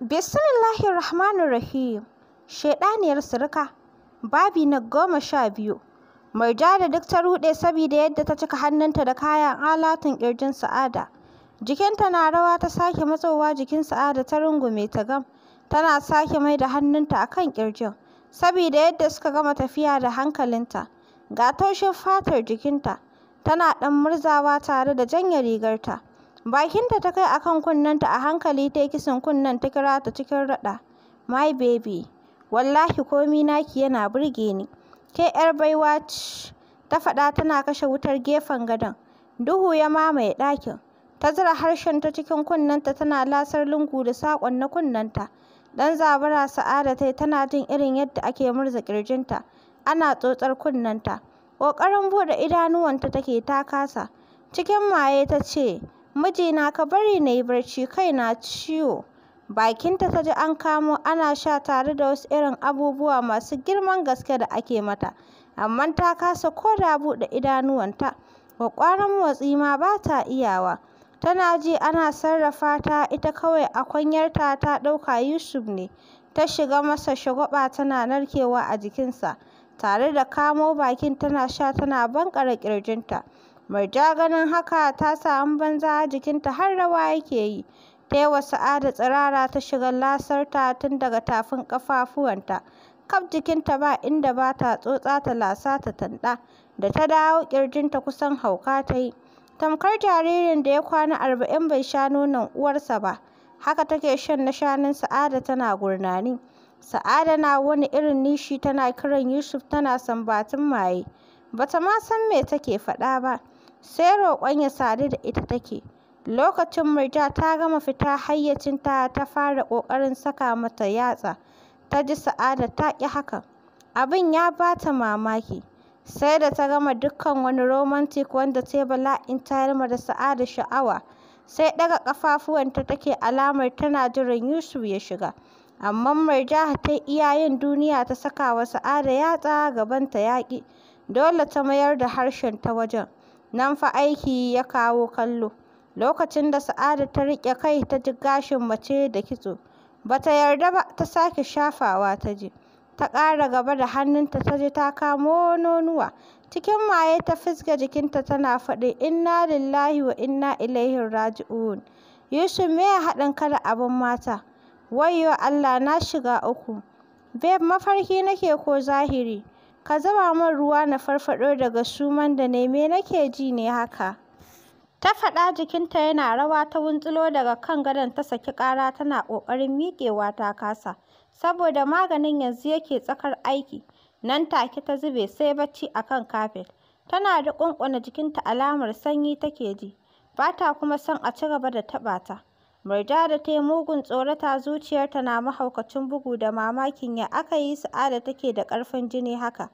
Bismillahir Rahmanir Rahim. Shaiɗaniyar sirika. Babi na goma sha biyu. da duk ta ruɗe saboda yadda ta cika hannunta da kayan alatun ƙirjin Sa'ada. Jikinta na rawa ta sake matsowa jikin Sa'ada ta rungume ta gam. Tana sake mai da hannunta a kan ƙirjin. Saboda yadda suka gama tafiya da hankalinta. Ga taushin fatar jikinta. Tana ɗan murzawa tare da janya rigarta. Bakinta ta kai a kan kunnenta a hankali ta yi kisan kunnen ta kira ta cikin raɗa. My baby, wallahi komi naki yana burge ni. Ke 'yar baiwa ce, ta faɗa tana kashe wutar gefen gadon. Duhu ya mamaye ɗakin. Ta harshen ta cikin kunnenta tana lasar lungu da saƙon na kunnenta. Ɗan zabara Sa'ada ta tana jin irin yadda ake murza ƙirjinta. Ana tsotsar kunnenta. Ƙoƙarin buɗe idanuwanta take ta kasa. Cikin maye ta ce, Mijina ka bari na yi barci kaina ciwo. Bakinta ta ji an kamo ana sha tare da wasu irin abubuwa masu girman gaske da ake mata, amma ta kasa ko da buɗe idanuwanta, ƙwaƙƙwaran motsi ma ba ta iyawa. Tana ji ana sarrafa ta ita kawai a kwanyarta ta ɗauka Yusuf ne, ta shiga masa shagwaɓa tana narkewa a jikinsa, tare da kamo bakin tana sha tana banƙare ƙirjinta. Murja ganin haka ta samu banza jikinta har rawa yake yi. Ta yi wa Sa'ada tsirara ta shiga lasarta tun daga tafin kafafuwanta. Kaf jikinta ba inda ba ta tsotsa ta lasa ta tanɗa. Da ta dawo ƙirjinta kusan hauka ta yi. Tamkar jaririn da ya kwana arba'in bai sha nonon uwarsa ba. Haka take shan na shanun Sa'ada tana gurnani. Sa'ada na wani irin nishi tana kiran Yusuf tana sambatin maye. Bata ma san me take faɗa ba. sai roƙon ya sadu da ita take. Lokacin Murja ta gama fita hayyacinta ta fara ƙoƙarin saka mata yatsa, ta ji Sa'ada ta ƙi hakan. Abin ya ba ta mamaki, sai da ta gama dukkan wani romantic wanda ta yi bala'in tayar da Sa'ada sha'awa, sai ɗaga ƙafafuwanta take alamar tana jiran Yusuf ya shiga. Amma Murja ta iya yin duniya ta saka wa Sa'ada yatsa gabanta ya ƙi, dole ta mayar da harshenta wajen. Nan fa aiki ya kawo kallo. Lokacin da Sa'ada ta riƙe kai ta ji gashin mace da kitso. Ba ta yarda ba ta sake shafawa ta ji. Ta ƙara gaba da hannunta ta ji ta kamo nonuwa. Cikin maye ta fisga jikinta tana faɗi, inna lillahi wa inna ilaihi raji'un. Yusuf me ya haɗin kada abin mata? Wayyo Allah na shiga uku. Babe mafarki nake ko zahiri? ka zuba min ruwa na farfaɗo daga suman da na Me nake ji ne haka? Ta faɗa jikinta yana rawa ta wuntsulo daga kan gadon ta saki ƙara tana ƙoƙarin miƙewa ta kasa. Saboda maganin yanzu yake tsakar aiki. Nan take ta zube sai bacci akan kafet. Tana da ƙunƙuna jikinta alamar sanyi take ji. bata kuma son a ci gaba da taɓa da ta yi mugun tsorata, zuciyarta na mahaukacin bugu da mamakin ya aka yi Sa'ada take da ƙarfin jini haka.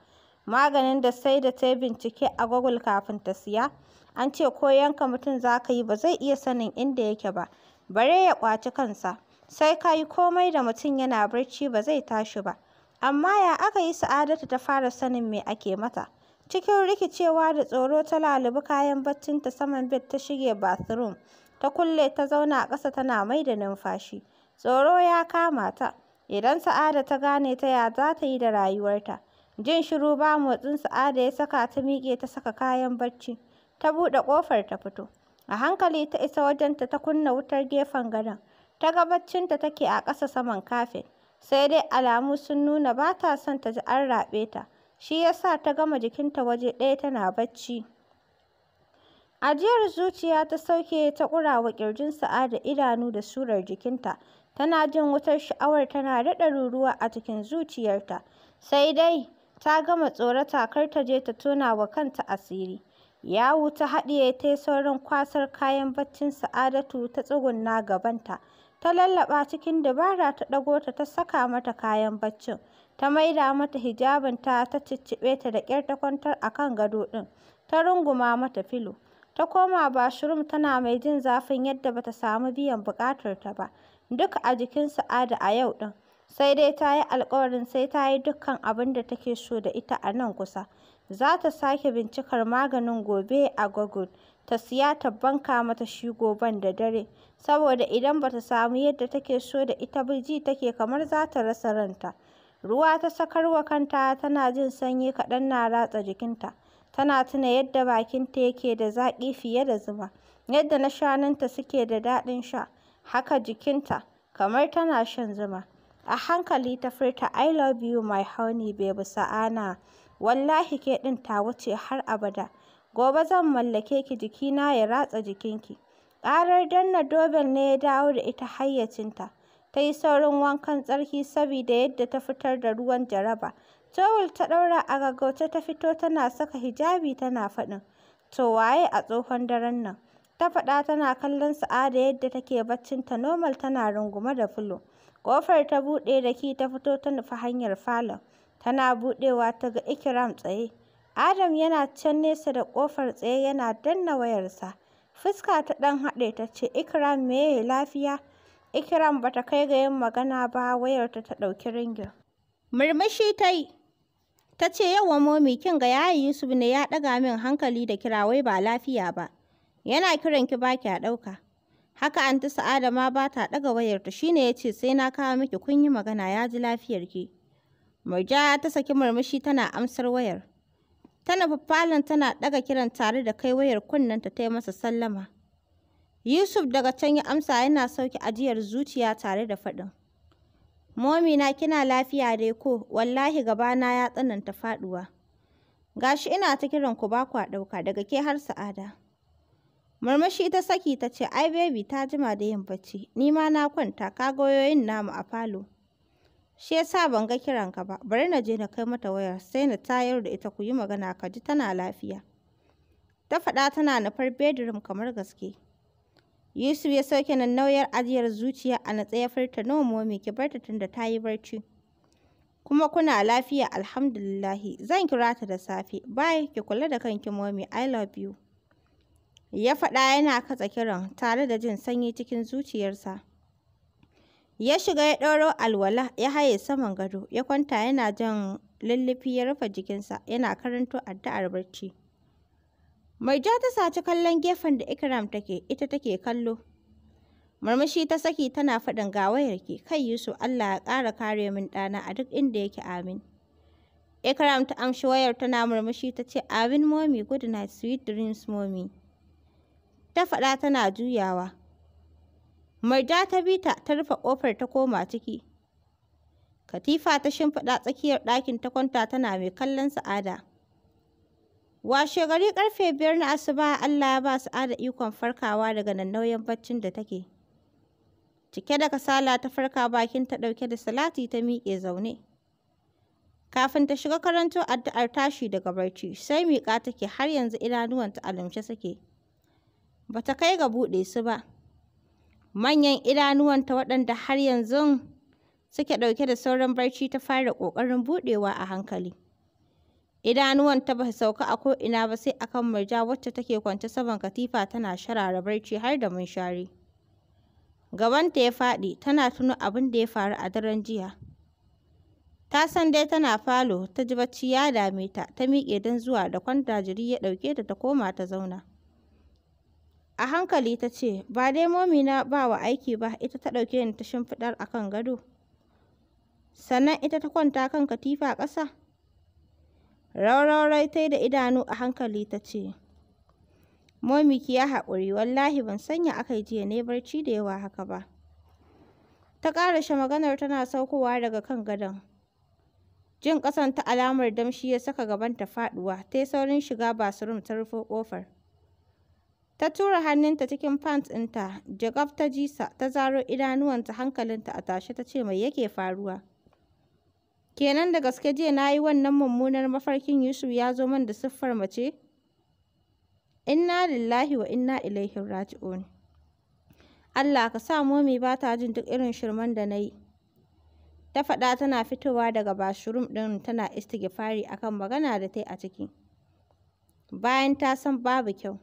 Maganin da sai da ta yi bincike a Google kafin ta siya, an ce ko yanka mutum za ka yi ba zai iya sanin inda yake ba, bare ya ƙwaci kansa. Sai ka yi komai da mutum yana barci ba zai tashi ba. Amma ya aka yi sa'adata ta fara sanin me ake mata? Cikin rikicewa da tsoro ta lalubi kayan baccinta saman bed ta shige bathroom. ta kulle ta zauna a ƙasa tana mai da numfashi. Tsoro ya kama ta. Idan Sa'ada ta gane ta ya za ta yi da rayuwarta? Jin shiru ba motsin Sa'ada ya saka ta miƙe ta saka kayan barci. Ta buɗe ƙofar ta fito. A hankali ta isa wajenta ta kunna wutar gefen gadon. Ta ga baccinta take a ƙasa saman kafin. Sai dai alamu sun nuna ba ta son ta ji an raɓe ta. Shi ya sa ta gama jikinta waje ɗaya tana bacci. Ajiyar zuciya ta sauke ta ƙurawa ƙirjin Sa'ada idanu da surar jikinta, tana jin wutar sha'awar tana daɗa ruruwa a cikin zuciyarta, sai dai ta gama tsorata kar ta je ta tona wa kanta asiri. Yawu ta haɗiye ta yi saurin kwasar kayan baccin Sa'adatu ta tsugunna gabanta, ta lallaɓa cikin dabara ta ɗago ta ta saka mata kayan baccin, ta maida mata hijabinta ta ciccibe ta da ƙyar ta kwantar a kan gado ɗin, ta runguma mata filo. Ta koma bashirum tana mai jin zafin yadda bata samu biyan ta ba, duk a jikin Sa'ada a yau ɗin. Sai dai ta yi alkawarin sai ta yi dukkan abin da take so da ita a nan kusa. Za ta sake bincikar maganin gobe a Google, ta siya ta banka mata shi goben da dare, saboda idan bata samu yadda take so da ita ba ji take kamar za ta rasa ranta. Ruwa ta sakarwa kanta tana jin sanyi kaɗan na ratsa jikinta. Tana tuna yadda bakinta yake da zaƙi fiye da zuma, yadda na shanunta suke da daɗin sha, haka jikinta, kamar tana shan zuma. A hankali ta furta "I love you my honey babe Sa'ana, wallahi ke ɗin ta wuce har abada, gobe zan mallake ki jikina ya ratsa jikinki." Ƙarar danna dobel ne ya dawo da ita hayyacinta. Ta yi saurin wankan tsarki saboda yadda ta fitar da ruwan jaraba. Towel ta ɗaura a gaggauce ta fito tana saka hijabi tana faɗin, to waye a tsohon daren nan? Ta faɗa tana kallon Sa'ada yadda take baccinta Nomal tana rungume da filo. Ƙofar ta buɗe da ki ta fito ta nufi hanyar falon. Tana buɗewa ta ga Ikram tsaye. Adam yana can nesa da ƙofar tsaye yana danna wayarsa. Fuska ta ɗan haɗe ta ce, Ikram meye lafiya? Ikram bata kai ga yin magana ba wayarta ta ɗauki ringin. Murmushi ta yi. Ta ce yawa momi kin ga yayi Yusuf ne ya ɗaga min hankali da kira wai ba lafiya ba. Yana kiran ki ba ki ɗauka. Haka anti Sa'ada ma ba ta ɗaga wayarta shine yace sai na kawo miki kun yi magana ya ji lafiyarki. Murja ta saki murmushi tana amsar wayar. Ta nufi falon tana ɗaga kiran tare da kai wayar kunnenta ta yi masa sallama. Yusuf daga can ya amsa yana sauki ajiyar zuciya tare da faɗin. Momina kina lafiya dai ko? Wallahi gabana ya tsananta faɗuwa. Gashi ina ta kiran ku ba ku ɗauka daga ke har sa'ada. Murmushi ta saki ta ce ai baby ta jima da yin bacci, ni ma na kwanta ka ga wayoyin namu a falo. Shi yasa ban ga kiran ka ba, bari na je na kai mata waya, sai na tayar da ita ku yi magana ka ji tana lafiya. Ta faɗa tana nufar bedroom kamar gaske. Yusuf ya sauke nauyar ajiyar zuciya a natse ya furta nawa momi ki barta tunda ta yi barci. Kuma kuna lafiya alhamdulillahi zan kira ta da safe bye ki kula da kanki momi I love you. Ya faɗa yana katsa kiran tare da jin sanyi cikin zuciyarsa. Ya shiga ya ɗauro alwala ya haye saman gado ya kwanta yana jan lullufi ya rufe jikinsa yana karanto addu'ar barci. Mai ja ta saci kallon gefen da Ikram take, ita take kallo. Murmushi ta saki tana faɗin ga wayarki, kai Yusuf Allah ya ƙara kare min ɗana a duk inda yake amin. Ikram ta amshi wayar tana murmushi ta ce amin momi good night sweet dreams momi. Ta faɗa tana juyawa. Mai ja ta bi ta ta rufe ƙofar ta koma ciki. Katifa ta shimfiɗa tsakiyar ɗakin ta kwanta tana mai kallon sa'ada. Washe gari karfe biyar na asuba Allah ya ba ada ikon farkawa daga nauyin baccin da take. Cike da kasala ta farka bakin ta ɗauke da salati ta miƙe zaune. Kafin ta shiga karanto addu'ar tashi daga barci sai miƙa take har yanzu idanuwanta a lumshe suke. Ba ta kai ga buɗe su ba. Manyan idanuwanta waɗanda har yanzu suke ɗauke da sauran barci ta fara ƙoƙarin buɗewa a hankali. ta ba su sauka a ko'ina ba sai akan Marja murja wacce take kwance saman katifa tana sharara barci har da munshari. Gabanta ya faɗi tana tuno abin da ya faru a daren jiya. Ta san dai tana falo ta ji bacci ya dame ta ta miƙe don zuwa da kwanta jiri ya ɗauke ta ta koma ta zauna. A hankali ta ce, ba dai momina ba wa aiki ba, ita ta ɗauke ni ta shimfiɗar a kan gado. Sannan ita ta kwanta kan katifa ƙasa. Rauraurai ta yi da idanu a hankali ta ce, Momi ki ya haƙuri, wallahi ban sanya aka yi jiya ne barci da yawa haka ba. Ta ƙara ƙarashe maganar tana saukowa daga kan gadon. Jin ƙasan ta alamar damshi ya saka gabanta faɗuwa, ta yi saurin shiga basurum ta rufe ƙofar. Ta tura hannunta cikin pants ɗinta, jakaf ta jisa, ta zaro idanuwanta hankalinta a tashe ta ce mai yake faruwa. Kenan da gaske jiya na yi wannan mummunar mafarkin Yusuf ya zo man da siffar mace? Inna lillahi wa inna ilaihi raji'un. Allah ka sa momi ba ta jin duk irin shirman da na yi. Ta faɗa tana fitowa daga bashirum ɗin tana istighfari akan magana da ta yi a ciki. Bayan ta san babu kyau.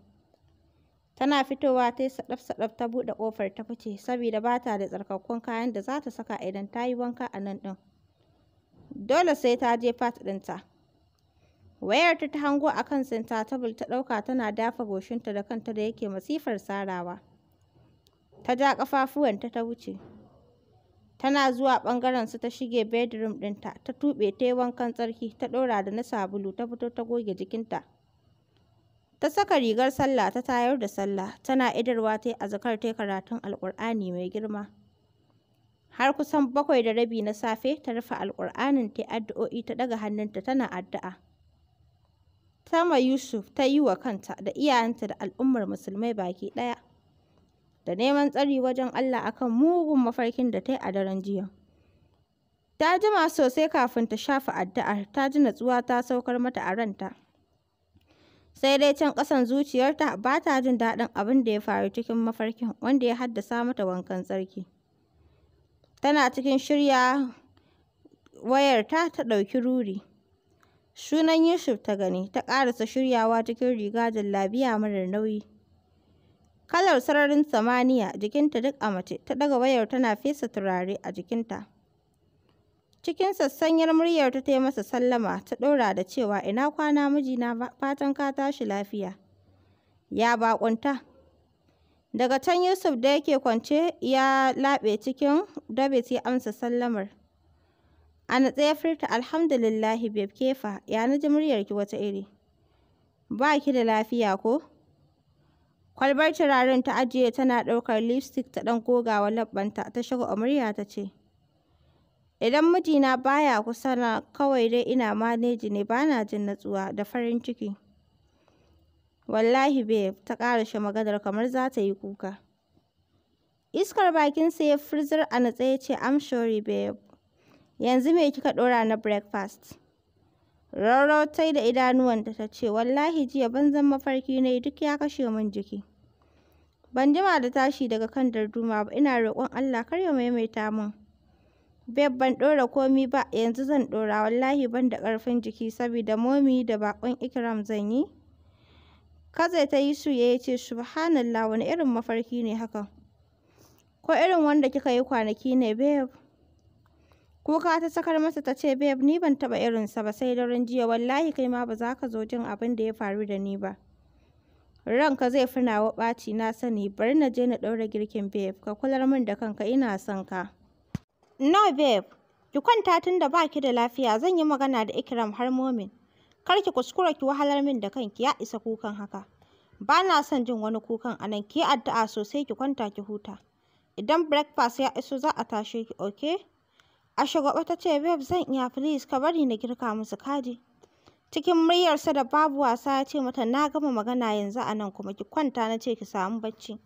Tana fitowa ta yi saɗaf-saɗaf ta buɗe ƙofar ta fice saboda ba ta da tsarkakkun kayan da za ta saka idan ta yi wanka a nan ɗin. dole sai ta je fat ɗinta. Wayarta ta hango a kan senta tabul ta ɗauka tana dafa goshinta da kanta da yake masifar sarawa. Ta ja ƙafafuwanta ta wuce. Tana zuwa ɓangaren su ta shige bedroom ɗinta, ta tuɓe ta yi wankan tsarki, ta ɗora da na sabulu, ta fito ta goge jikinta. Ta saka rigar sallah ta tayar da sallah, tana idarwa ta yi azkar ta yi karatun Alƙur'ani mai girma. har kusan bakwai da rabi na safe ta rufe alƙur'anin ta addu'o'i ta ɗaga hannunta tana addu'a. Tama Yusuf ta yi wa kanta da iyayenta da al'ummar musulmai baki ɗaya da neman tsari wajen Allah akan mugun mafarkin da ta yi a daren jiya. Ta jima sosai kafin ta shafa addu'ar, ta ji natsuwa ta saukar mata a ranta. Sai dai can ƙasan zuciyarta ba ta jin daɗin abin da ya faru cikin mafarkin wanda ya haddasa mata wankan tsarki. Tana cikin shirya wayarta ta ɗauki ruri. Sunan Yusuf ta gani, ta ƙarasa shiryawa cikin riga jallabiya mara nauyi. Kalar sararin samaniya, jikinta duk a mace, ta ɗaga wayar tana fesa turare a jikinta. Cikin sassanyar muryar ta ta yi masa sallama, ta ɗora da cewa ina kwana mijina fatan ka tashi lafiya. Ya baƙunta. Daga can Yusuf da yake kwance ya laɓe cikin david ya amsa sallamar. A natse ya furta alhamdulillahi beb kefa ya na ji muryarki wata iri. Ba ki da lafiya ko? Kwalbar turaren ta ajiye tana ɗaukar lipstick ta ɗan gogawa labbanta ta shiga murya ta ce. Idan mijina baya kusa na kawai dai ina maneji ne bana jin natsuwa da farin ciki. Wallahi babe, ta shi maganar kamar za ta yi kuka. Iskar bakinsa ya firzar a natse ya ce, I'm sorry babe. Yanzu me kika ɗora na breakfast? Roro tai da idanuwanta ta ce, Wallahi jiya ban zan mafarki na yi duk ya kashe min jiki. Ban jima da tashi daga kan darduma ba, ina roƙon Allah kar ya maimaita min. Babe ban ɗora komi ba, yanzu zan ɗora, wallahi ban da ƙarfin jiki saboda momi da baƙon Ikram zan yi. kaza ta yi su ya ce, Subhanallah, wani irin mafarki ne hakan? Ko irin wanda kika yi kwanaki ne, babe? Kuka ta sakar masa ta ce, babe, ni ban taɓa irinsa ba sai daren jiya, wallahi kai ma ba za ka zo jin abin da ya faru da ni ba. Ranka zai fina wa ɓaci na sani, bar na je na ɗaura girkin babe, ka kular min da kanka ina son ka. No babe, ki kwanta tun da baki da lafiya, zan yi magana da Ikram har momin. Kar ki kuskura ki wahalar min da kanki ya isa kukan haka. Ba na son jin wani kukan anan ki yi addu'a sosai ki kwanta ki huta. Idan breakfast ya iso za a tashe ki, okay? A shugaba ta ce, babe zan iya please ka bari na girka musu kaji. Cikin muryarsa da babu wasa ya ce mata na gama magana yanzu a nan kuma ki kwanta na ce ki samu bacci.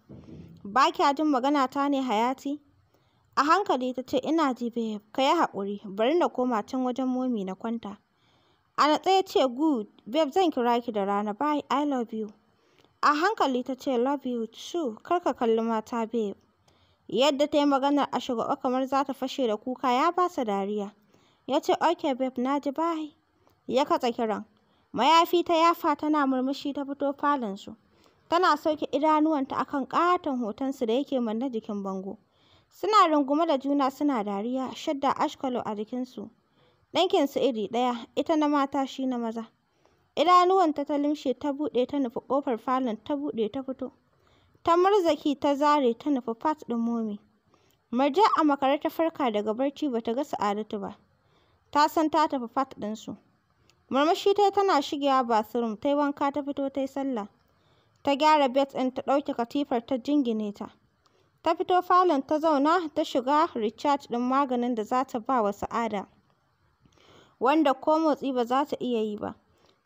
Ba kya jin magana ta ne Hayati? A hankali ta ce ina ji babe ka yi haƙuri bari na koma can wajen momi na kwanta. A natse ya ce, Good, babe zan kira ki da rana, bye, I love you. A hankali ta ce, Love you too, kar ka kalli mata babe. Yadda ta yi maganar a shagwaɓe kamar za ta fashe da kuka ya ba sa dariya. Ya ce, "Ok, babe, na ji bye. Ya katse kiran. Mayafi ta yafa tana murmushi ta fito falonsu. Tana sauke idanuwanta akan ƙaton hotonsu da yake manne jikin bango. Suna rungume da juna suna dariya, shadda ashkalo a jikinsu. su iri ɗaya, ita na mata shi na maza. Idanuwanta ta limshe ta buɗe ta nufi ƙofar falon ta buɗe ta fito. Ta murzaki ta zare ta nufi fat ɗin Momi. marja a makare ta farka daga barci ba ta ga Sa'adatu ba. Ta san ta tafi fat ɗinsu. Murmushi ta tana shigewa bathroom ta yi wanka ta fito ta yi sallah. Ta gyara bet ɗin ta ɗauke katifar ta jingine ta. Ta fito falon ta zauna ta shiga recharge ɗin maganin da za ta ba wa Sa'ada. wanda ko motsi ba za ta iya yi ba.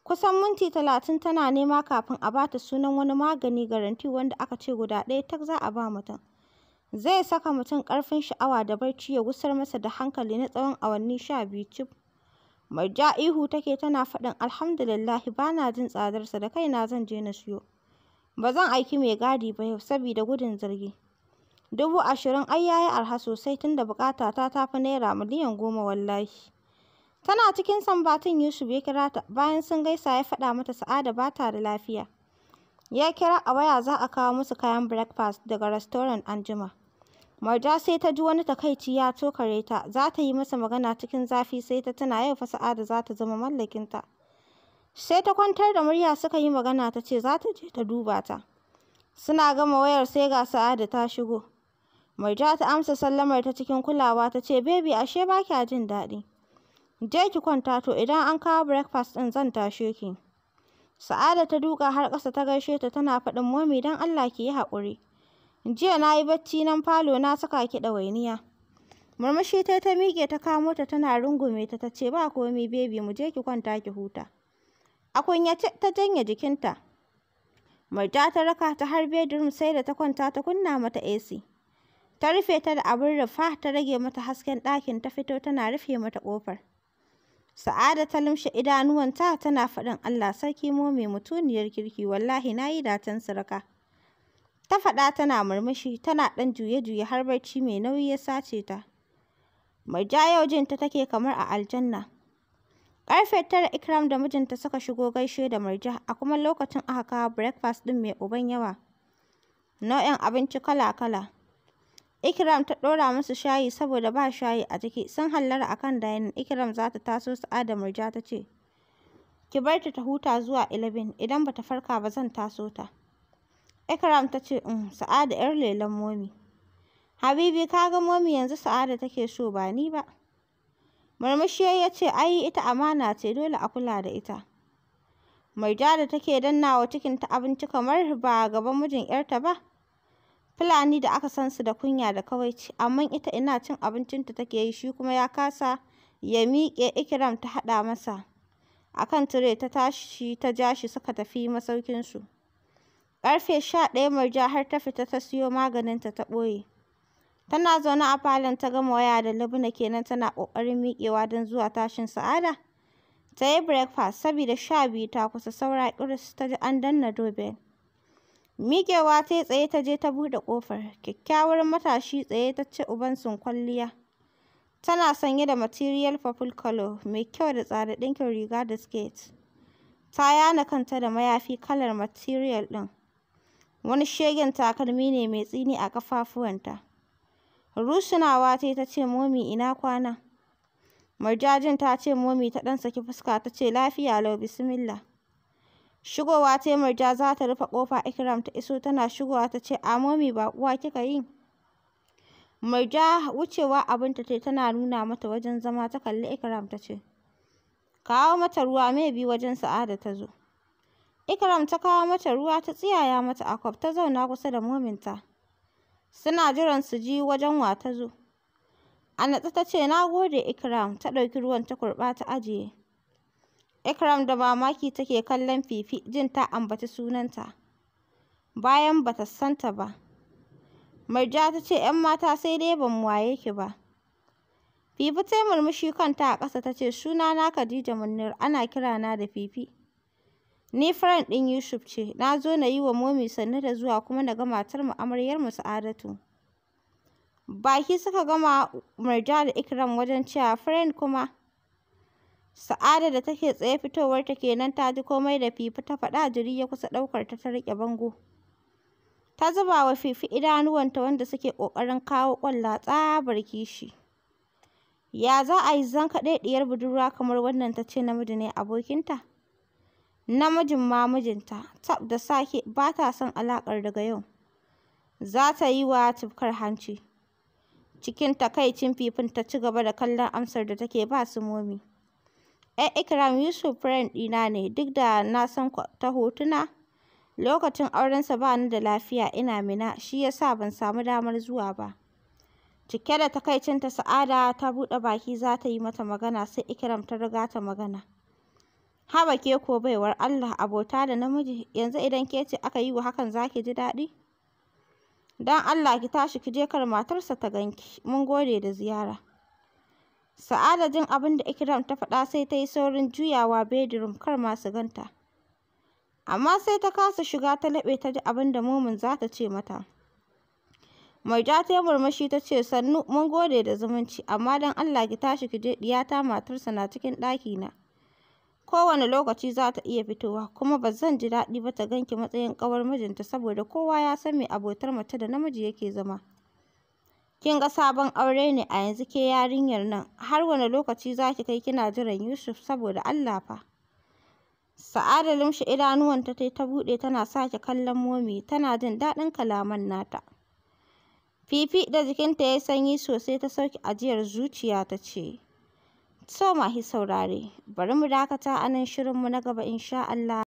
Kusan minti talatin tana nema kafin a ba ta sunan wani magani garanti wanda aka ce guda ɗaya tak za a ba mutum. Zai saka mutum ƙarfin sha'awa da barci ya gusar masa da hankali na tsawon awanni sha biyu cif. ja ihu take tana faɗin alhamdulillahi ba na jin tsadarsa da kaina zan je na siyo. Ba zan aiki mai gadi ba yau sabida gudun zargi. Dubu ashirin ai yayi arha sosai tunda buƙatata ta tafi naira miliyan goma wallahi. Tana cikin sambatin Yusuf ya kira ta, bayan sun gaisa ya faɗa mata Sa'ada ba ta da lafiya. Ya kira a waya za a kawo musu kayan breakfast daga restoran anjima. Marja sai ta ji wani takaici ya tokare ta, za ta yi masa magana cikin zafi sai ta tuna yau fa Sa'ada za ta zama mallakinta. Sai ta kwantar da murya suka yi magana ta ce za ta je ta duba ta. Suna gama wayar sai ga Sa'ada ta shigo. Marja ta amsa sallamar ta cikin kulawa ta ce, Baby, ashe ba kya jin daɗi. Je ki kwanta to idan an kawo breakfast ɗin zan tashe ki. Sa'ada ta duka har ƙasa ta gaishe ta tana faɗin momi don Allah ki yi haƙuri. Jiya na yi bacci nan falo na saka ki ɗawainiya. Murmushi ta ta miƙe ta kamo ta tana rungume ta ta ce ba komi bebi mu je ki kwanta ki huta. A kunyace ta janye jikinta. Murja ta raka ta har bedroom sai da ta kwanta ta kunna mata AC. Ta rufe ta da abin rufa ta rage mata hasken ɗakin ta fito tana rufe mata ƙofar. Sa'ada ta lumshe idanuwanta tana faɗin Allah sarki mu mai mutuniyar kirki wallahi na yi datan sarka. Ta faɗa tana murmushi tana ɗan juye-juye har barci mai nauyi ya sace ta. Murja yau ta take kamar a aljanna. Ƙarfe tara Ikram da mijinta suka shigo gaishe da Murja a kuma lokacin aka kawo breakfast ɗin mai uban yawa. Nau'in abinci kala-kala. Ikram ta ɗora musu shayi saboda ba shayi a jiki. Sun hallara a kan dainin. Ikram za ta taso Sa'ada Murja ta ce, Ki bar ta ta huta zuwa 11. Idan ba ta farka ba zan taso ta. Ikram ta ce, Um, Sa'ada 'yar lelen momi. Habibi ka ga momi yanzu Sa'ada take so ba ni ba. Murmushi ya ce, Ai, ita amana ce dole a kula da ita. Murja da take dannawa cikinta abinci kamar ba gaban mijin 'yarta ba. Fulani da aka san su da kunya da kawaici, amma ita ina cin abincinta take yi, shi kuma ya kasa ya miƙe, ikiram ta haɗa masa a kan tire ta tashi ta ja shi suka tafi masaukinsu. Ƙarfe sha ɗaya Murja har ta fita ta siyo maganinta ta ɓoye. Tana zaune a falon ta gama waya da Lubna kenan tana ƙoƙarin miƙewa don zuwa tashin Sa'ada. Ta yi breakfast saboda sha biyu ta kusa saura ƙiris ta ji an danna doorbell. Miƙewa ta yi tsaye ta je ta buɗe ƙofar. Kyakkyawar matashi tsaye ta ce uban sun kwalliya. Tana sanye da material purple colour mai kyau da tsada ɗinkin riga da skirt. Ta yana kanta da mayafi kalar material ɗin. Wani shegen takalmi ne mai tsini a ƙafafuwanta. Rusunawa ta yi ta ce momi ina kwana. Murjajin ta ce momi ta ɗan saki fuska ta ce lafiya lau bismillah. Shigowa ta yi za ta rufe ƙofa Ikram ta iso tana shigowa ta ce, a momi kuwa kika yi? Murja wucewa abinta ta tana nuna mata wajen zama ta kalli Ikram ta ce, kawo mata ruwa mai bi wajen Sa'ada ta zo. Ikram ta kawo mata ruwa ta tsiyaya mata a kwaf ta zauna kusa da mominta. Suna jiran su ji wajen wa ta zo. A natsa ta ce, na gode Ikram, ta ɗauki ruwan ta kurɓa ta ajiye. Ikram da mamaki take kallon Fifi jin ta ambaci sunanta, bayan ba ta san ta ba. Murja ta ce ‘yan mata sai dai ban waye ki ba. Fifi ta murmushi kanta a ƙasa ta ce sunana Khadija Munir ana kira na da Fifi. Ni friend ɗin Yusuf ce, na zo na yi wa momi sannu da zuwa kuma na ga matar mu Sa'adatu. Baki suka gama Murja da Ikram wajen cewa friend kuma. Sa'ada da take tsaye fitowar ta kenan ta ji komai da Fifi ta faɗa jiri ya kusa ɗaukar ta ta riƙe bango. Ta zuba wa Fifi idanuwanta wanda suke ƙoƙarin kawo ƙwalla tsabar kishi. Ya za a yi zan kaɗai ɗiyar budurwa kamar wannan ta ce namiji ne abokinta? Namijin ma mijinta, tab da sake ba ta son alaƙar daga yau. Za ta yi wa tufkar hanci. Cikin takaicin Fifin ta ci gaba da kallon amsar da take ba su momi. Yar Ikram Yusuf friend ɗina ne duk da na san ta hotuna. Lokacin aurensa ba ni da lafiya ina Mina shi ya sa ban samu damar zuwa ba. Cike da takaicinta Sa'ada ta buɗe baki za ta yi mata magana sai Ikram ta riga ta magana. Haba ke ko baiwar Allah abota da namiji yanzu idan ke ce aka yi wa hakan zaki ji daɗi? Don Allah ki tashi ki je kar matarsa ta ganki mun gode da ziyara. Sa'ada jin abin da Ikram ta faɗa sai ta yi saurin juyawa bedroom kar masu ganta. Amma sai ta kasa shiga ta laɓe ta ji abin da Momin za ta ce mata. Mai ja ta yi murmushi ta ce sannu mun gode da zumunci amma don Allah ki tashi ki je ɗiyata matarsa na cikin ɗakina. Kowane lokaci za ta iya fitowa kuma ba zan ji daɗi ba ta ganki matsayin ƙawar mijinta saboda kowa ya san me abotar mace da namiji yake zama. Kin ga sabon aure ne a yanzu ke yarinyar nan, har Wani lokaci za ki kai kina jiran Yusuf saboda Allah fa. Sa'ada lumshe idanuwanta tai ta buɗe tana sake kallon Momi tana jin daɗin kalaman nata. Fifi da jikinta ya sanyi sosai ta sauke ajiyar zuciya ta ce, So mahi saurare, bari mu dakata anan nan shirinmu na gaba insha Allah.